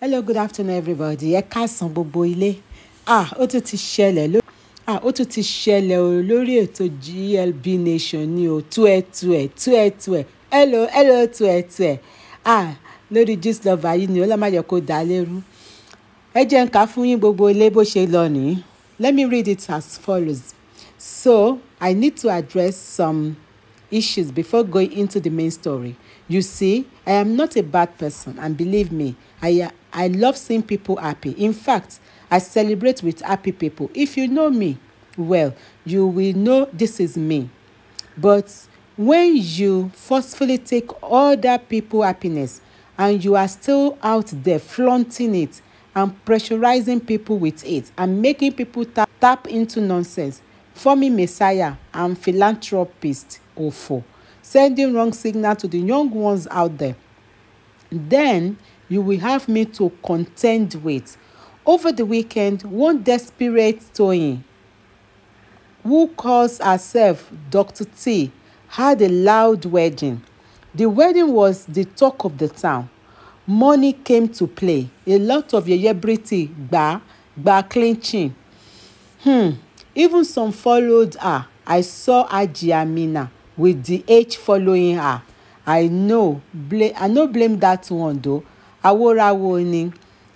hello good afternoon everybody ẹ káàsán gbogbo ilé ah ó tún ti ṣẹlẹ̀ lórí ah ó tún ti ṣẹlẹ̀ o lórí ètò GLB Nation ní o tuẹ̀tuẹ̀ tuẹ̀tuẹ̀ hello hello tuẹ̀tuẹ̀ ah lórí Gistlover yìí ni ó lọ́ máa yẹ kó dá lérú ẹ jẹ́ ń kà fún yín gbogbo ilé bó ṣe lọ nìyí let me read it as follows so I need to address some issues before going into the main story. You see, I am not a bad person, and believe me, I, I love seeing people happy. In fact, I celebrate with happy people. If you know me well, you will know this is me. But when you forcefully take other people happiness and you are still out there flaunting it and pressurizing people with it and making people tap, tap into nonsense, for me, messiah I'm philanthropist, awful. sending wrong signal to the young ones out there. Then you will have me to contend with. Over the weekend, one desperate Toyin, who calls herself Dr. T, had a loud wedding. The wedding was the talk of the town. Money came to play. A lot of yeyebrity gba gba clinching. Hmm. Even some followed her. I saw Haji Amina with the age following her i no blame i no blame that one though aworawo ni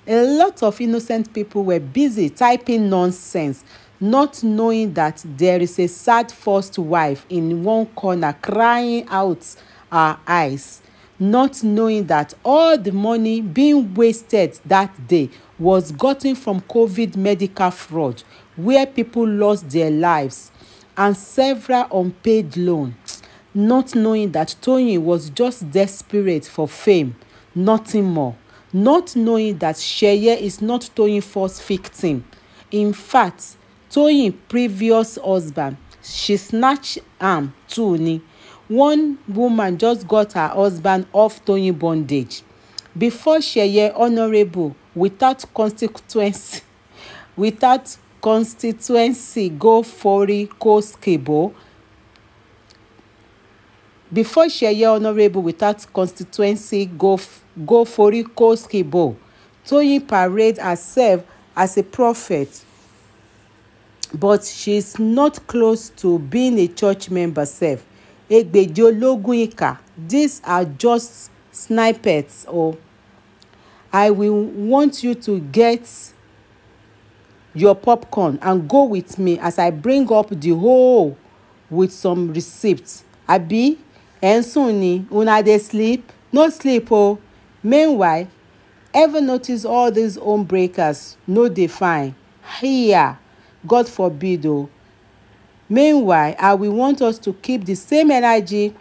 a lot of innocent people were busy typing nonsense not knowing that there is a sad first wife in one corner crying out her eyes not knowing that all the money being wasted that day was gotten from covid medical fraud where people lost their lives and several unpaid loans, not knowing that Tony was just desperate for fame, nothing more. Not knowing that Sheye is not Toyin first victim. In fact, Toyin previous husband, she snatched am Tony. One woman just got her husband off Tony bondage. Before Sheye honourable without consequence without constituency go fori coast koskibo before Sheye honourable without constituency go go fori coast koskibo Toyin parade herself as a prophet but she is not close to being a church member sef Egbeji ológun ìkà these are just snipers o oh. I will want you to get your popcorn and go with me as i bring up the whole with some receipts abi ẹ̀ ń sùn ni una dey sleep no sleep o oh. meanwhile ever notice all these home breakers no dey fine here god forbid o oh. meanwhile i will want us to keep the same energy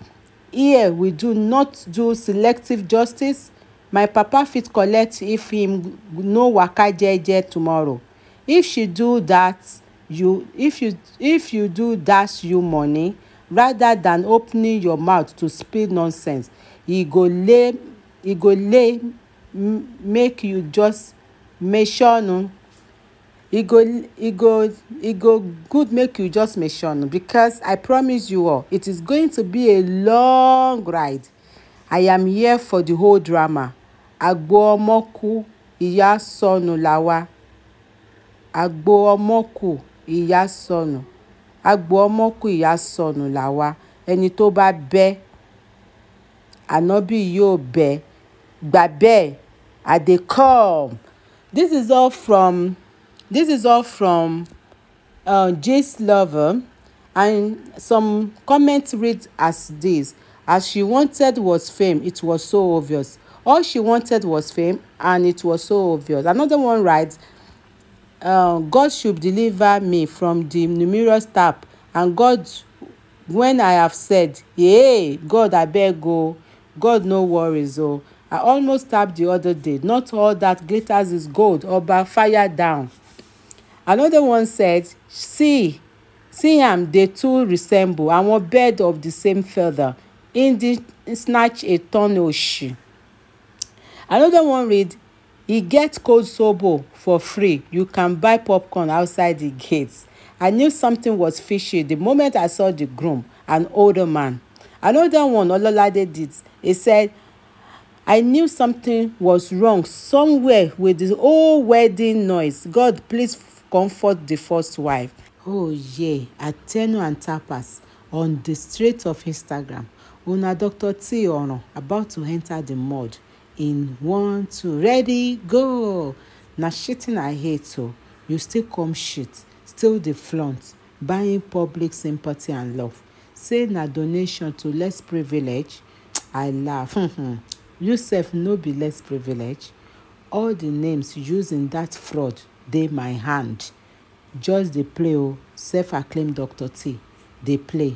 here we do not do selective justice my papa fit collect if him no waka jeje tomorrow if you do that you if you if you do dash you money rather than opening your mouth to speak nonsense e go lay e go lay make you just mention e go e go e go good make you just mention because i promise you all it is going to be a long ride i am here for the whole drama agbo ọmọ iya ìyá sọnù agbo ọmọ kù agbo ọmọ kù ìyá sọnù làwa ẹni tó bá bẹ́ ànábì yóò bẹ́ gbà bẹ́ẹ̀ i dey come this is all from this is all from uh, Jace lover and some comments read as this as she wanted was fame it was so obvious all she wanted was fame and it was so obvious another one writes uh, God should deliver me from the numerous tap. and God when I have said yay God abeg o God no worries o I almost tap the other day not all that glitters is gold oba fire down. Another one said see see am they too resemble àwọn bird of the same feather in the snatch a ton oshi. Another one read e get cold sobo for free you can buy popcorn outside the gate i knew something was fishy the moment i saw the groom an older man another one ololade did he said i knew something was wrong somewhere with the whole wedding noise god please comfort the first wife oh yeah atenu and tapas on the street of instagram una dr t oran about to enter the mud in one two ready go na shitting i hate o oh. you still come shit still dey flaunt buying public sympathy and love say na donation to less privilege i laugh mm-hmm. you sef no be less privilege all the names using that fraud dey my hand just dey play o oh. self acclaim dr t dey play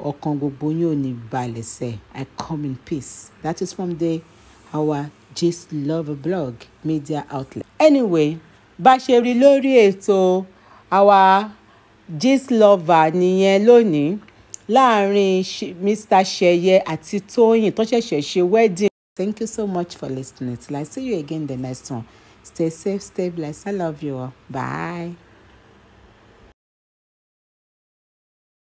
ọkàn gbogbo yín ò ní balẹ̀ sẹ́ i come in peace that is from the our Just Love blog media outlet. Anyway, bá a ṣe rí lórí ètò our Just Lover nìyẹn lónìí láàrin Mr. Ṣẹyẹ àti Tóyìn tó ṣẹ̀ṣẹ̀ ṣe wedding. Thank you so much for listening till I see you again the next one. Stay safe, stay blessed. I love you all. Bye.